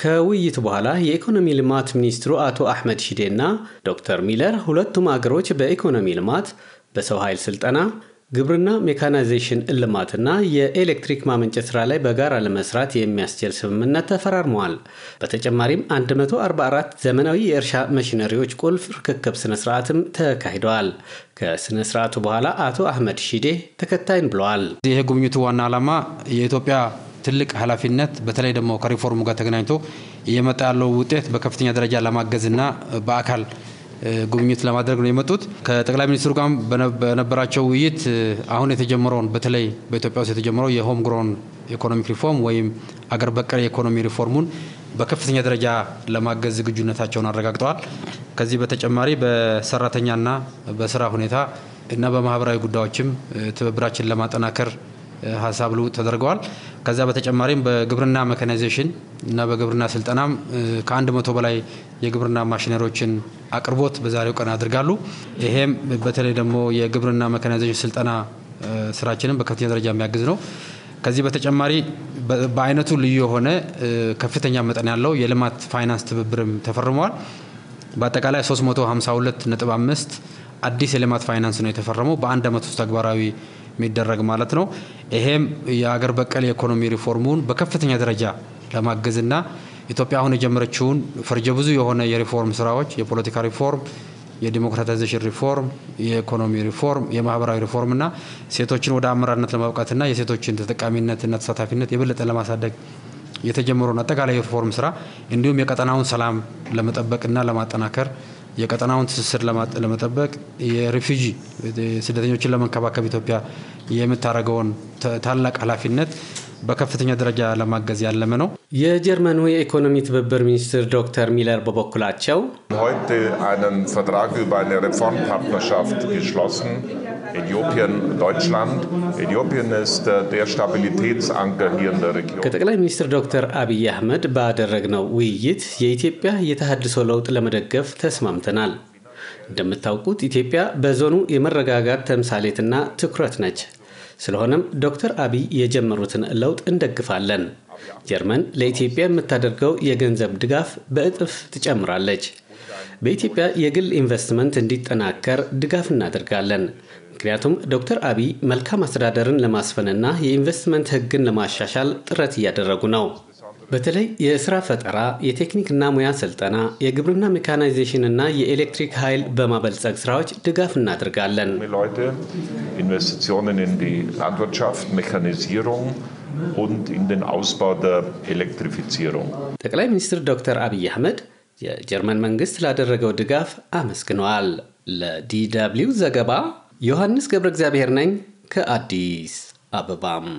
ከውይይቱ በኋላ የኢኮኖሚ ልማት ሚኒስትሩ አቶ አሕመድ ሺዴና ዶክተር ሚለር ሁለቱም አገሮች በኢኮኖሚ ልማት፣ በሰው ኃይል ስልጠና፣ ግብርና፣ ሜካናይዜሽን ልማትና የኤሌክትሪክ ማመንጨት ስራ ላይ በጋራ ለመስራት የሚያስችል ስምምነት ተፈራርመዋል። በተጨማሪም 144 ዘመናዊ የእርሻ መሽነሪዎች ቁልፍ ርክክብ ሥነ ሥርዓትም ተካሂደዋል። ከሥነ ሥርዓቱ በኋላ አቶ አሕመድ ሺዴ ተከታይን ብለዋል። ይህ ጉብኝቱ ዋና ዓላማ የኢትዮጵያ ትልቅ ኃላፊነት በተለይ ደግሞ ከሪፎርሙ ጋር ተገናኝቶ እየመጣ ያለው ውጤት በከፍተኛ ደረጃ ለማገዝና በአካል ጉብኝት ለማድረግ ነው የመጡት። ከጠቅላይ ሚኒስትሩ ጋር በነበራቸው ውይይት አሁን የተጀመረውን በተለይ በኢትዮጵያ ውስጥ የተጀመረው የሆም ግሮን ኢኮኖሚክ ሪፎርም ወይም አገር በቀል የኢኮኖሚ ሪፎርሙን በከፍተኛ ደረጃ ለማገዝ ዝግጁነታቸውን አረጋግጠዋል። ከዚህ በተጨማሪ በሰራተኛና በስራ ሁኔታ እና በማህበራዊ ጉዳዮችም ትብብራችን ለማጠናከር ሀሳብ ልውጥ ተደርገዋል። ከዛ በተጨማሪም በግብርና መካናይዜሽን እና በግብርና ስልጠናም ከአንድ መቶ በላይ የግብርና ማሽነሪዎችን አቅርቦት በዛሬው ቀን አድርጋሉ። ይሄም በተለይ ደግሞ የግብርና መካናይዜሽን ስልጠና ስራችንን በከፍተኛ ደረጃ የሚያግዝ ነው። ከዚህ በተጨማሪ በአይነቱ ልዩ የሆነ ከፍተኛ መጠን ያለው የልማት ፋይናንስ ትብብርም ተፈርመዋል። በአጠቃላይ 5 አዲስ የልማት ፋይናንስ ነው የተፈረመው በአንድ ዓመት ውስጥ ተግባራዊ የሚደረግ ማለት ነው። ይሄም የአገር በቀል የኢኮኖሚ ሪፎርሙን በከፍተኛ ደረጃ ለማገዝና ኢትዮጵያ አሁን የጀመረችውን ፈርጀ ብዙ የሆነ የሪፎርም ስራዎች የፖለቲካ ሪፎርም፣ የዲሞክራታይዜሽን ሪፎርም፣ የኢኮኖሚ ሪፎርም፣ የማህበራዊ ሪፎርም ሴቶችን ወደ አመራርነት ለማብቃትና የሴቶችን ተጠቃሚነትና ተሳታፊነት የበለጠ ለማሳደግ የተጀመረውን አጠቃላይ የሪፎርም ስራ እንዲሁም የቀጠናውን ሰላም ለመጠበቅና ለማጠናከር የቀጠናውን ትስስር ለመጠበቅ የሪፊጂ ስደተኞችን ለመንከባከብ ኢትዮጵያ የምታደርገውን ታላቅ ኃላፊነት በከፍተኛ ደረጃ ለማገዝ ያለመ ነው። የጀርመኑ የኢኮኖሚ ትብብር ሚኒስትር ዶክተር ሚለር በበኩላቸው äh, ከጠቅላይ ሚኒስትር ዶክተር አብይ አህመድ ባደረግነው ውይይት የኢትዮጵያ የተሃድሶ ለውጥ ለመደገፍ ተስማምተናል። እንደምታውቁት ኢትዮጵያ በዞኑ የመረጋጋት ተምሳሌትና ትኩረት ነች። ስለሆነም ዶክተር አብይ የጀመሩትን ለውጥ እንደግፋለን። ጀርመን ለኢትዮጵያ የምታደርገው የገንዘብ ድጋፍ በእጥፍ ትጨምራለች። በኢትዮጵያ የግል ኢንቨስትመንት እንዲጠናከር ድጋፍ እናደርጋለን። ምክንያቱም ዶክተር አብይ መልካም አስተዳደርን ለማስፈንና የኢንቨስትመንት ሕግን ለማሻሻል ጥረት እያደረጉ ነው። በተለይ የስራ ፈጠራ፣ የቴክኒክና ሙያ ስልጠና፣ የግብርና ሜካናይዜሽን እና የኤሌክትሪክ ኃይል በማበልጸግ ስራዎች ድጋፍ እናደርጋለን። ጠቅላይ ሚኒስትር ዶክተር አብይ አህመድ የጀርመን መንግስት ላደረገው ድጋፍ አመስግነዋል። ለዲደብሊው ዘገባ ዮሐንስ ገብረ እግዚአብሔር ነኝ ከአዲስ አበባም